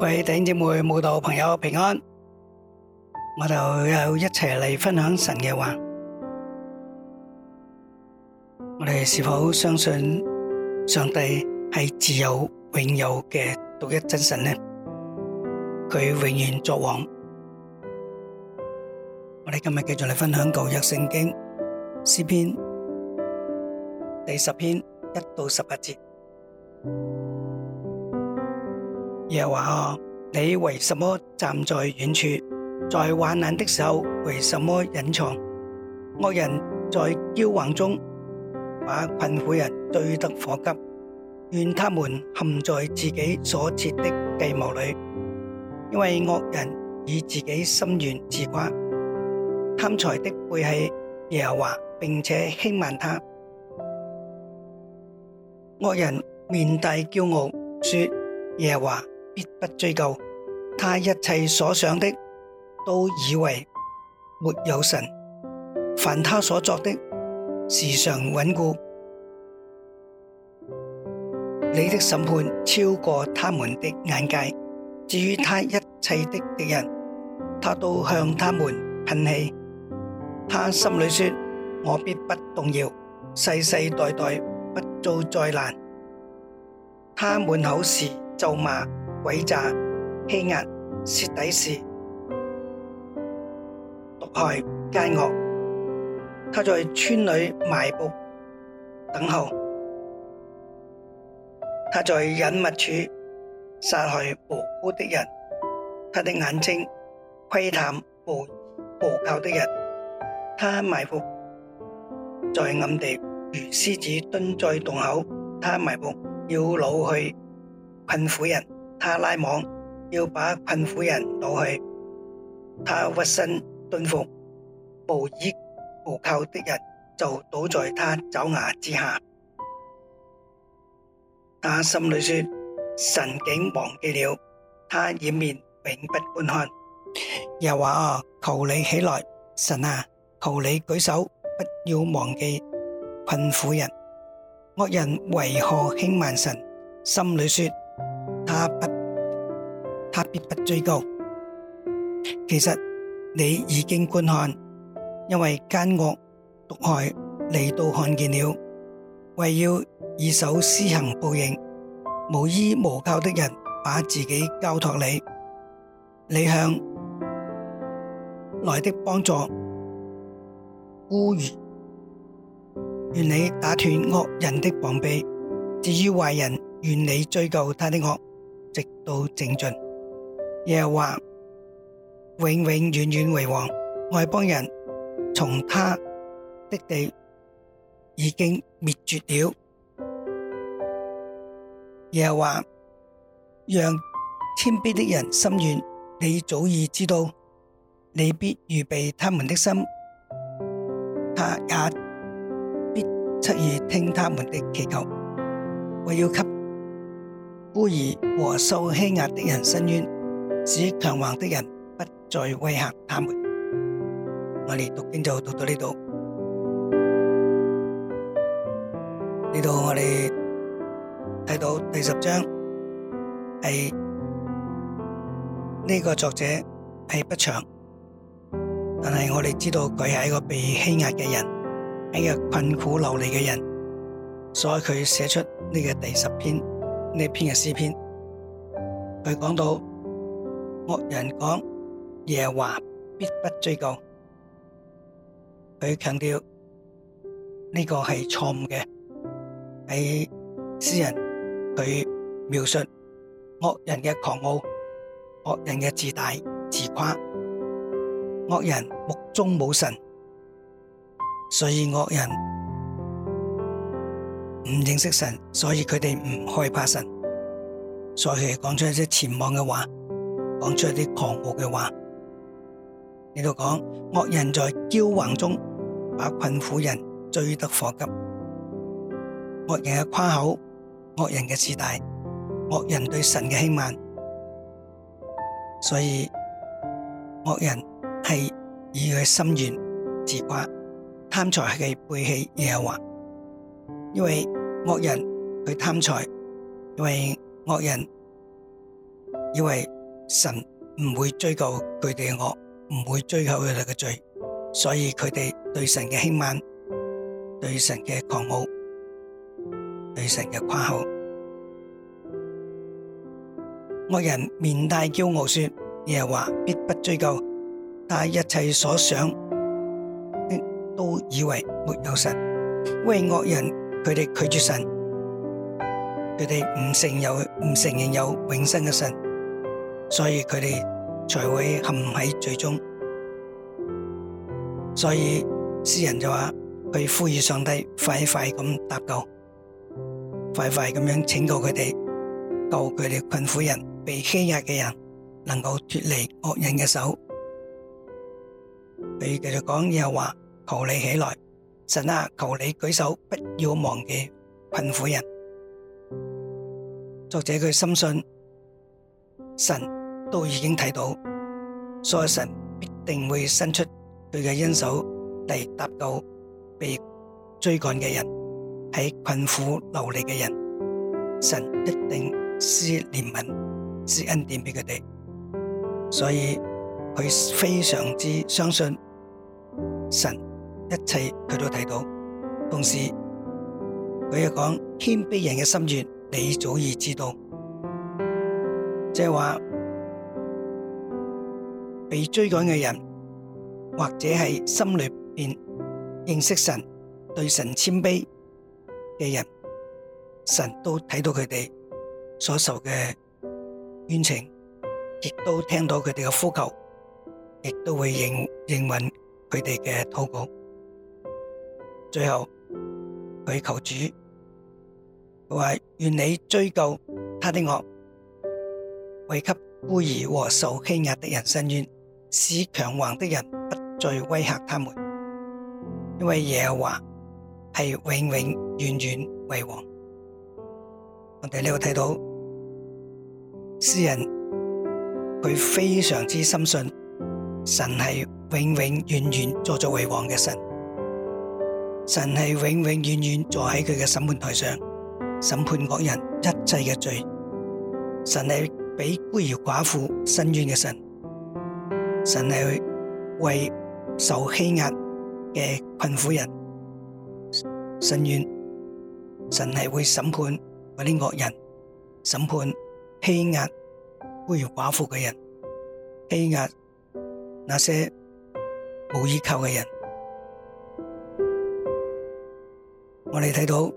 各位弟兄姐妹、慕道朋友平安，我哋又一齊嚟分享神嘅話。我哋是否相信上帝係自有、永有嘅獨一真神呢？佢永遠作王。我哋今日繼續嚟分享舊約聖經詩篇第十篇一到十八節。耶和華啊：你為什麼站在遠處？在患難的時候，為什麼隱藏？惡人在驕橫中，把困苦人追得火急，願他們陷在自己所設的計謀裏，因為惡人以自己心願自誇。貪財的背棄耶和華並且輕慢他。惡人面帶驕傲，說耶和華必不追究他一切所想的，都以為沒有神；凡他所作的，時常穩固。你的審判超過他們的眼界。至於他一切的敵人，他都向他們噴氣。他心裏說：我必不動搖，世世代代不遭災難。他滿口是咒罵。詭詐、欺壓、舌底是、毒害奸惡，他在村裏埋伏等候，他在隱密處殺害無辜的人，他的眼睛窺探無依無靠的人，他埋伏在暗地，如獅子蹲在洞口，他埋伏要擄去困苦人。他拉網要把困苦人攞去，他屈身蹲伏，無依無靠的人就倒在他爪牙之下。他心裏說：神竟忘記了，他掩面，永不觀看。又話啊，求你起來，神啊，求你舉手，不要忘記困苦人。惡人為何輕慢神？心裏說。他不，他必不追究。其實你已經觀看，因為奸惡毒害你都看見了，為要以手施行報應。無依無靠的人把自己交託你，你向來的幫助。孤兒，願你打斷惡人的膀臂。至於壞人，願你追究他的惡。到靜盡，又話永永遠遠為王。外邦人從他的地已經滅絕了，又話讓天邊的人心軟。你早已知道，你必預備他們的心，他也必出於聽他們的祈求。我要給。孤兒和受欺壓的人申冤，使強橫的人不再威嚇他們。我哋讀經就讀到呢度，呢度我哋睇到第十章，係呢、這個作者係不詳，但係我哋知道佢係一個被欺壓嘅人，一個困苦流離嘅人，所以佢寫出呢個第十篇。呢篇嘅詩篇，佢講到惡人講耶和華必不追究，佢強調呢、這個係錯誤嘅，喺詩人佢描述惡人嘅狂傲、惡人嘅自大、自誇、惡人目中冇神，所以惡人。唔認識神，所以佢哋唔害怕神，所以佢哋講出一啲前望嘅話，講出一啲狂傲嘅話。呢度講惡人在驕橫中，把困苦人追得火急。惡人嘅誇口，惡人嘅自大，惡人對神嘅輕慢，所以惡人係以佢心願自誇，貪財係背棄耶和華。因為惡人佢貪財，因為惡人以為神唔會追究佢哋嘅惡，唔會追究佢哋嘅罪，所以佢哋對神嘅輕慢，對神嘅狂傲，對神嘅誇口，惡人面帶驕傲說：耶和華必不追究。但係一切所想的都以為沒有神，因為惡人。佢哋拒絕神，佢哋唔承認唔承認有永生嘅神，所以佢哋才會陷喺罪中。所以詩人就話，佢呼籲上帝快快咁搭救，快快咁樣拯救佢哋，救佢哋困苦人、被欺壓嘅人，能夠脫離惡人嘅手。佢繼續講嘢話，求你起來。神啊，求你舉手，不要忘記困苦人。作者佢深信，神都已經睇到，所以神必定會伸出佢嘅恩手嚟搭救被追趕嘅人，喺困苦流離嘅人，神一定施憐憫、施恩典俾佢哋。所以佢非常之相信神。一切佢都睇到，同時佢又講謙卑人嘅心願，你早已知道。即係話被追趕嘅人，或者係心裏邊認識神、對神謙卑嘅人，神都睇到佢哋所受嘅冤情，亦都聽到佢哋嘅呼求，亦都會應應允佢哋嘅禱告。最後佢求主，佢說，願你追究他的惡，為給孤兒和受欺壓的人伸冤，使強橫的人不再威嚇他們，因為耶和華是永永遠遠為王。我哋呢度睇到詩人，佢非常之深信神是永永遠遠做咗為王嘅神。神係永永遠遠坐喺佢嘅審判台上審判惡人一切嘅罪。神係俾孤兒寡婦伸冤嘅神，神係會為受欺壓嘅困苦人伸冤。神係會審判嗰啲惡人，審判欺壓孤兒寡婦嘅人，欺壓那些冇依靠嘅人。我哋睇到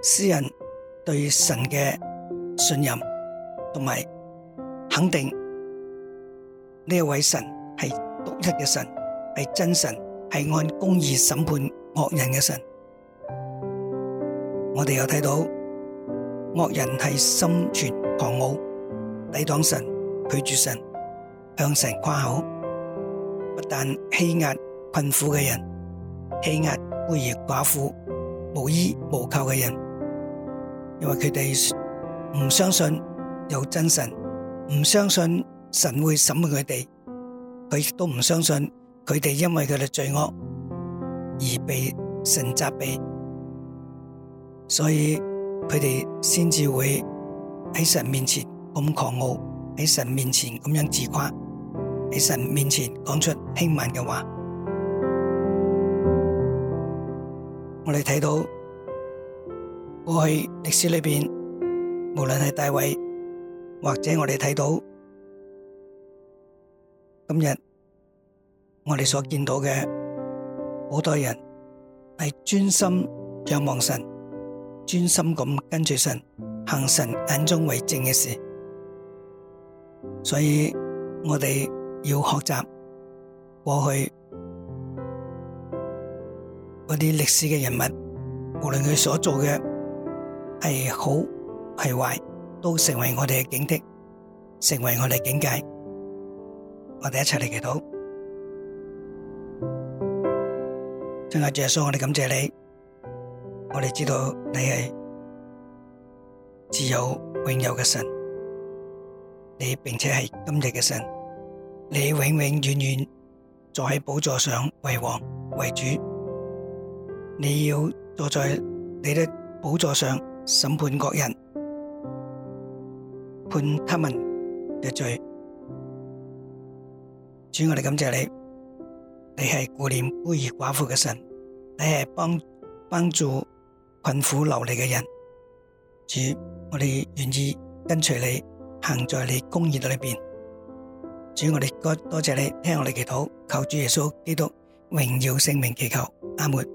詩人對神嘅信任同埋肯定，呢一位神係獨一嘅神，係真神，係按公義審判惡人嘅神。我哋又睇到惡人係心存狂傲，抵擋神、拒絕神、向神誇口，不但欺壓困苦嘅人，欺壓，孤兒寡婦無依無靠嘅人，因為佢哋唔相信有真神，唔相信神會審問佢哋，佢亦都唔相信佢哋因為佢哋罪惡而被神責備，所以佢哋先至會喺神面前咁狂傲，喺神面前咁樣自誇，喺神面前講出輕慢嘅話。我哋睇到過去歷史裏邊，無論係大衛或者我哋睇到今日我哋所見到嘅好多人係專心仰望神，專心咁跟住神，行神眼中為正嘅事，所以我哋要學習過去。嗰啲歷史嘅人物，無論佢所做嘅係好係壞，都成為我哋嘅警惕，成為我哋警戒。我哋一齊嚟祈禱，親愛耶穌，我哋感謝你。我哋知道你係自有永有嘅神，你並且係今日嘅神，你永永遠遠坐喺寶座上為王為主。你要坐在你的寶座上審判各人，判他們嘅罪。主，我哋感謝你，你係顧念孤兒寡婦嘅神，你係幫幫助困苦流離嘅人。主，我哋願意跟隨你，行在你公義裏邊。主，我哋該多謝你，聽我哋祈禱，求主耶穌基督榮耀聖名，祈求阿門。